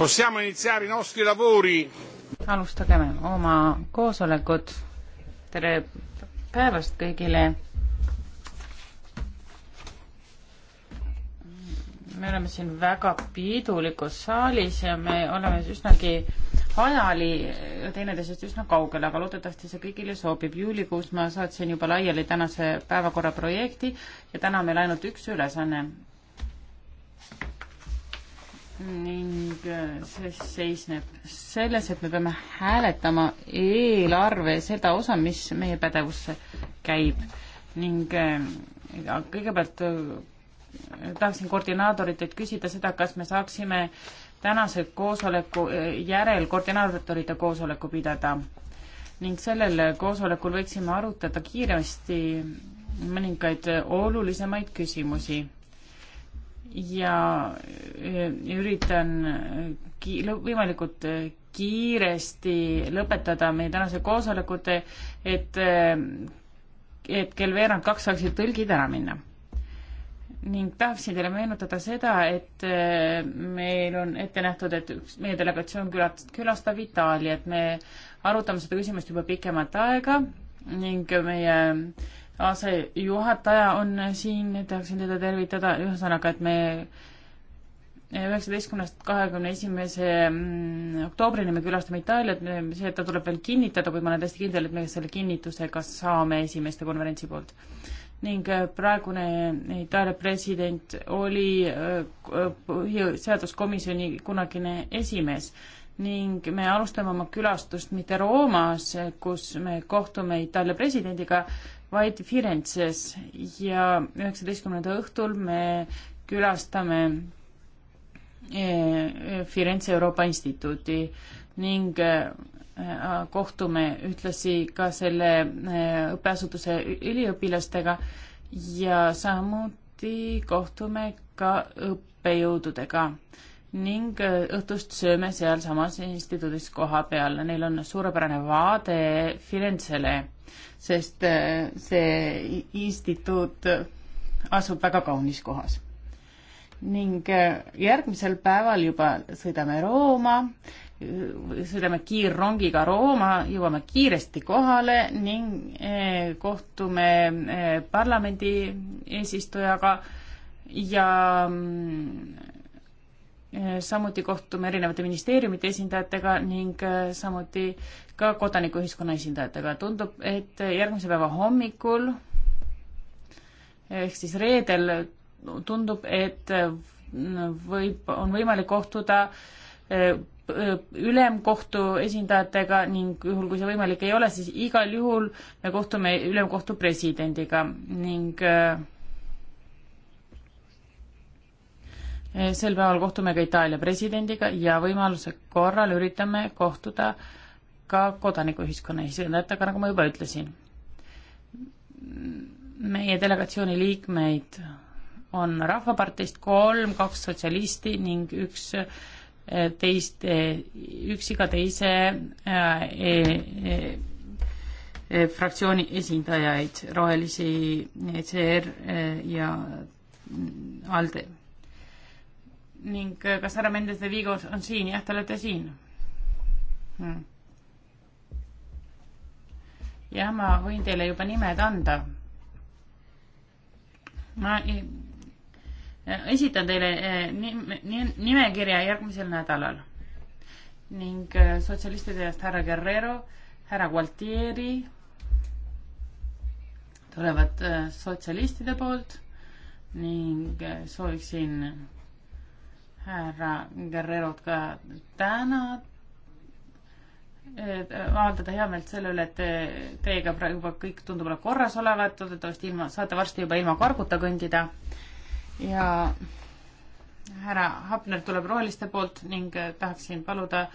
possiamo iniziare i nostri lavori. alustageme oma koosolekut. tere päevast kõigile. me oleme siin väga piidulikus saalis ja me oleme üsnagi ajali teineteisest üsna kaugel, aga loodetavasti see kõigile sobib. juulikuus ma saatsin juba laiali tänase päevakorra projekti ja täna on meil ainult üks ülesanne ning äh, see seisneb selles, et me peame hääletama eelarve seda osa, mis meie pädevusse käib ning äh, ja kõigepealt äh, tahaksin koordinaatoritelt küsida seda, kas me saaksime tänase koosoleku järel koordinaatorite koosoleku pidada ning sellel koosolekul võiksime arutada kiiresti mõningaid olulisemaid küsimusi ja üritan ki-, võimalikult kiiresti lõpetada meie tänase koosolekut, et, et kell veerand kaks saaksid tõlgid ära minna. ning tahaksin teile meenutada seda, et meil on ette nähtud, et üks meie delegatsioon külat-, külastab Itaaliat, me arutame seda küsimust juba pikemat aega ning meie asejuhataja on siin, tahaksin teda tervitada, ühesõnaga, et me üheksateistkümnest kahekümne esimese mm, oktoobrini me külastame Itaaliat, see, et ta tuleb veel kinnitada, kuid ma olen täiesti kindel, et me selle kinnituse ka saame esimeeste konverentsi poolt. ning äh, praegune Itaalia president oli äh, põhiseaduskomisjoni kunagine esimees ning me alustame oma külastust mitte Roomas, kus me kohtume Itaalia presidendiga, vaid Firenzes ja üheksateistkümnenda õhtul me külastame eh, Firenze Euroopa Instituuti ning eh, kohtume ühtlasi ka selle eh, õppeasutuse üliõpilastega ja samuti kohtume ka õppejõududega ning äh, õhtust sööme sealsamas instituudis koha peal. Neil on suurepärane vaade Firenzele, sest äh, see instituut asub väga kaunis kohas. ning äh, järgmisel päeval juba sõidame Rooma, sõidame kiirrongiga Rooma, jõuame kiiresti kohale ning kohtume parlamendi eesistujaga ja mm, samuti kohtume erinevate ministeeriumite esindajatega ning äh, samuti ka kodanikuühiskonna esindajatega. tundub, et järgmise päeva hommikul ehk siis reedel tundub, et äh, võib, on võimalik kohtuda äh, ülemkohtu esindajatega ning juhul, kui see võimalik ei ole, siis igal juhul me kohtume ülemkohtu presidendiga ning äh, Eh, sel päeval kohtume ka Itaalia presidendiga ja võimaluse korral üritame kohtuda ka kodanikuühiskonna esindajatega, nagu ma juba ütlesin. meie delegatsiooni liikmeid on Rahvaparteist kolm, kaks sotsialisti ning üks eh, teist, eh, üks iga teise e, e, e, fraktsiooni esindajaid, rohelisi, ECR ja ALDE ning äh, kas härra Mendes de Vigo on siin? jah, te olete siin hmm.. jah, ma võin teile juba nimed anda. ma esitan teile äh, nimekirja järgmisel nädalal ning äh, sotsialistide eest härra Guerrero, härra Gualtieri tulevad sotsialistide poolt ning sooviksin härra Guerrerot ka tänada äh, avaldada heameelt selle üle, et teiega praegu juba kõik tundub olevat korras olevat, loodetavasti ilma, saate varsti juba ilma karguta kõndida. ja härra Hapner tuleb roheliste poolt ning äh, tahaksin paluda,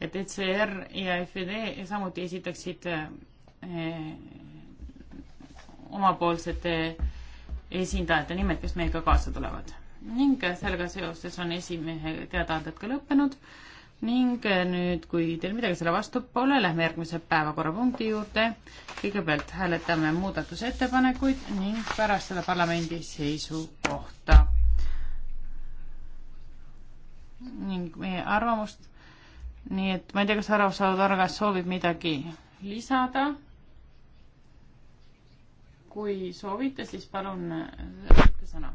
et ECR ja FED samuti esitaksid äh, omapoolsete esindajate nimed, kes meiega kaasa tulevad ning sellega seoses on esimehe teadaanded ka lõppenud ning eh, nüüd, kui teil midagi selle vastu pole, lähme järgmise päevakorrapunkti juurde. kõigepealt hääletame muudatusettepanekuid ning pärast seda parlamendi seisukohta. ning meie arvamust. nii et ma ei tea, kas härra Saudar, kas soovib midagi lisada? kui soovite, siis palun sõna.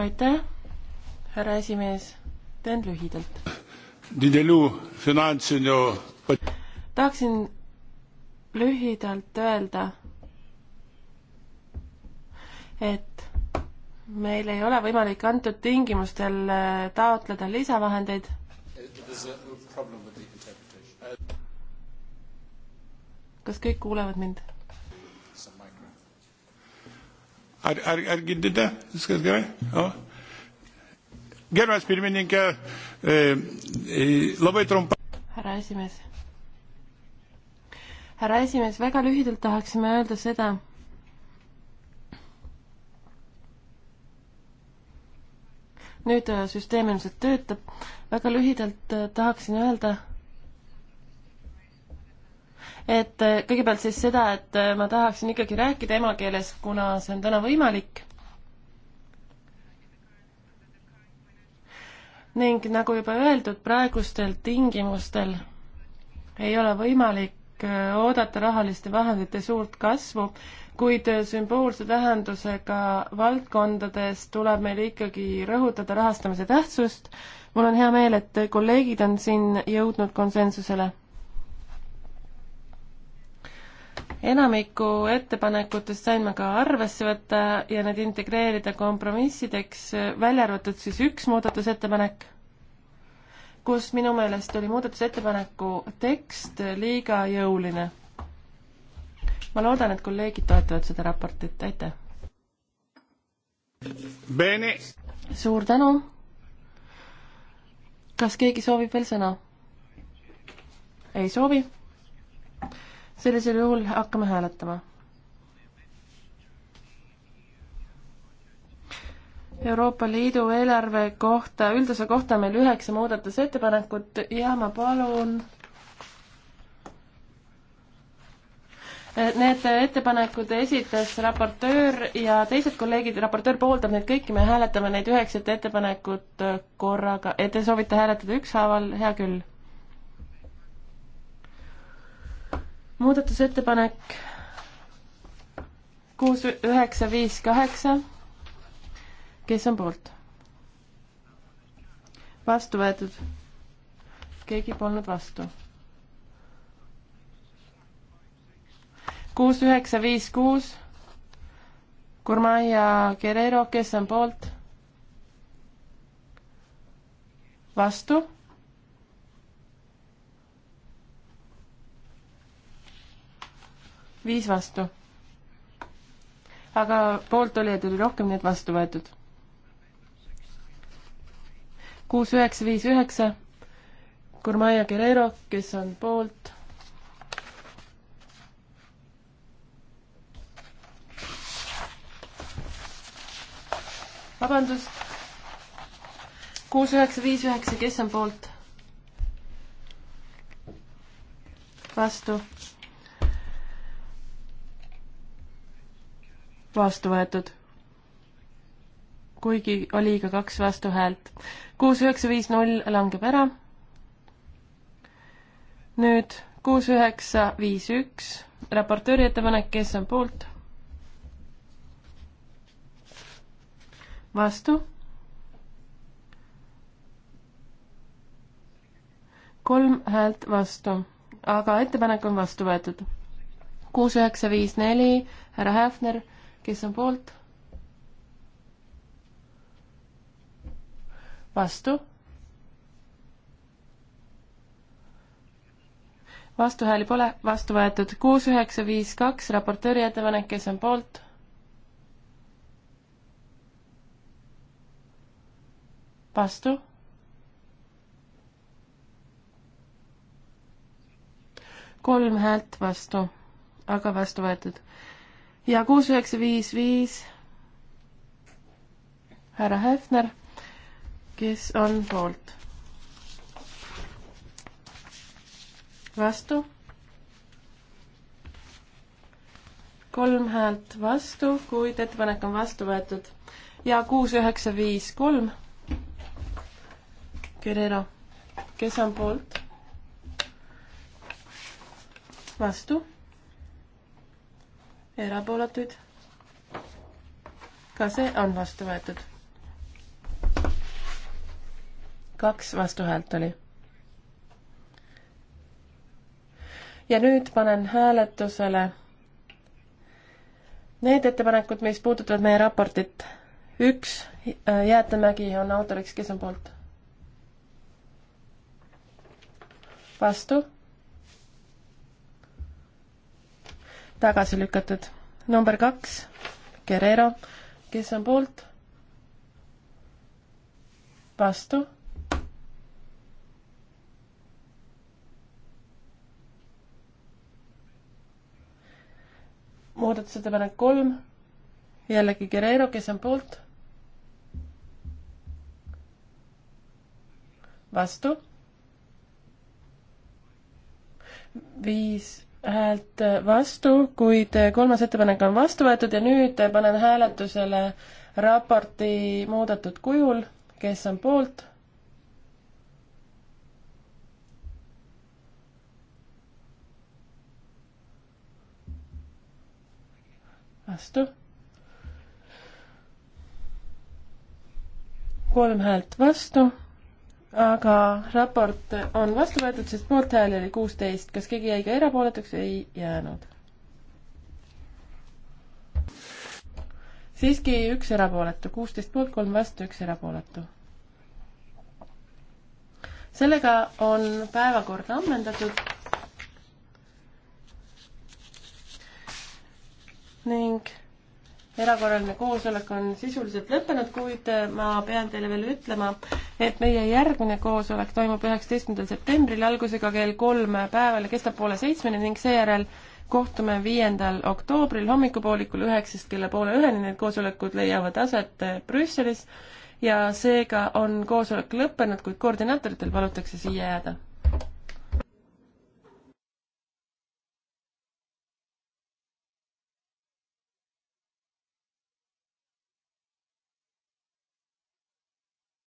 aitäh, härra esimees, teen lühidalt. tahaksin lühidalt öelda, et meil ei ole võimalik antud tingimustel äh, taotleda lisavahendeid. kas kõik kuulevad mind? Ar, ar, ar girdite? Viskas gerai? O. Gerbės pirmininkė, e, e, labai trumpa. härra esimees. härra esimees, väga lühidalt tahaksime öelda seda, nüüd äh, süsteem ilmselt töötab, väga lühidalt äh, tahaksin öelda et äh, kõigepealt siis seda, et äh, ma tahaksin ikkagi rääkida emakeeles, kuna see on täna võimalik. ning nagu juba öeldud, praegustel tingimustel ei ole võimalik äh, oodata rahaliste vahendite suurt kasvu, kuid sümboolse tähendusega valdkondades tuleb meil ikkagi rõhutada rahastamise tähtsust. mul on hea meel, et kolleegid on siin jõudnud konsensusele enamiku ettepanekutest sain ma ka arvesse võtta ja need integreerida kompromissideks, välja arvatud siis üks muudatusettepanek, kus minu meelest oli muudatusettepaneku tekst liiga jõuline. ma loodan, et kolleegid toetavad seda raportit, aitäh! Bene. suur tänu! kas keegi soovib veel sõna? ei soovi? sellisel juhul hakkame hääletama. Euroopa Liidu eelarve kohta, üldosa kohta on meil üheksa muudatusettepanekut ja ma palun Need ettepanekud esitas raportöör ja teised kolleegid, raportöör pooldab neid kõiki, me hääletame neid üheksat ettepanekut korraga, te soovite hääletada ükshaaval, hea küll muudatusettepanek kuus üheksa viis kaheksa, kes on poolt? vastu võetud. keegi polnud vastu. kuus üheksa viis kuus, Gurmai ja Guerrero, kes on poolt? vastu viis vastu. aga pooltolijaid oli rohkem, nii et vastu võetud. kuus, üheksa, viis, üheksa. Gurmaja Guerrero, kes on poolt vabandust. kuus, üheksa, viis, üheksa, kes on poolt? vastu. vastu võetud. kuigi oli ka kaks vastuhäält. kuus, üheksa, viis, null langeb ära. nüüd kuus, üheksa, viis, üks, raportööri ettepanek, kes on poolt? vastu kolm häält vastu, aga ettepanek on vastu võetud. kuus, üheksa, viis, neli, härra Häfner kes on poolt? vastu? vastuhääli pole, vastu võetud kuus, üheksa, viis, kaks, raportööri ettepanek, kes on poolt? vastu? kolm häält vastu, aga vastu võetud ja kuus üheksa viis viis härra Hefner, kes on poolt. vastu. kolm häält vastu, kuid ettepanek on vastu võetud ja kuus üheksa viis kolm. Guerrero, kes on poolt? vastu erapooletuid. ka see on vastu võetud. kaks vastuhäält oli. ja nüüd panen hääletusele need ettepanekud, mis puudutavad meie raportit. üks, äh, Jäätemägi on autoriks, kes on poolt? vastu tagasi lükatud. number kaks, Guerrero, kes on poolt? vastu muudatusettepanek kolm, jällegi Guerrero, kes on poolt? vastu? viis häält vastu, kuid kolmas ettepanek on vastu võetud ja nüüd panen hääletusele raporti muudetud kujul, kes on poolt? vastu. kolm häält vastu aga raport on vastu võetud, sest poolthääli oli kuusteist. kas keegi jäi ka erapooletuks? ei jäänud. siiski üks erapooletu, kuusteist poolt, kolm vastu, üks erapooletu. sellega on päevakord ammendatud. ning erakorraline koosolek on sisuliselt lõppenud, kuid äh, ma pean teile veel ütlema, et meie järgmine koosolek toimub üheksateistkümnendal septembril algusega kell kolm päeval ja kestab poole seitsmeni ning seejärel kohtume viiendal oktoobril hommikupoolikul üheksast kella poole üheni, need koosolekud leiavad aset äh, Brüsselis ja seega on koosolek lõppenud, kuid koordinaatoritel palutakse siia jääda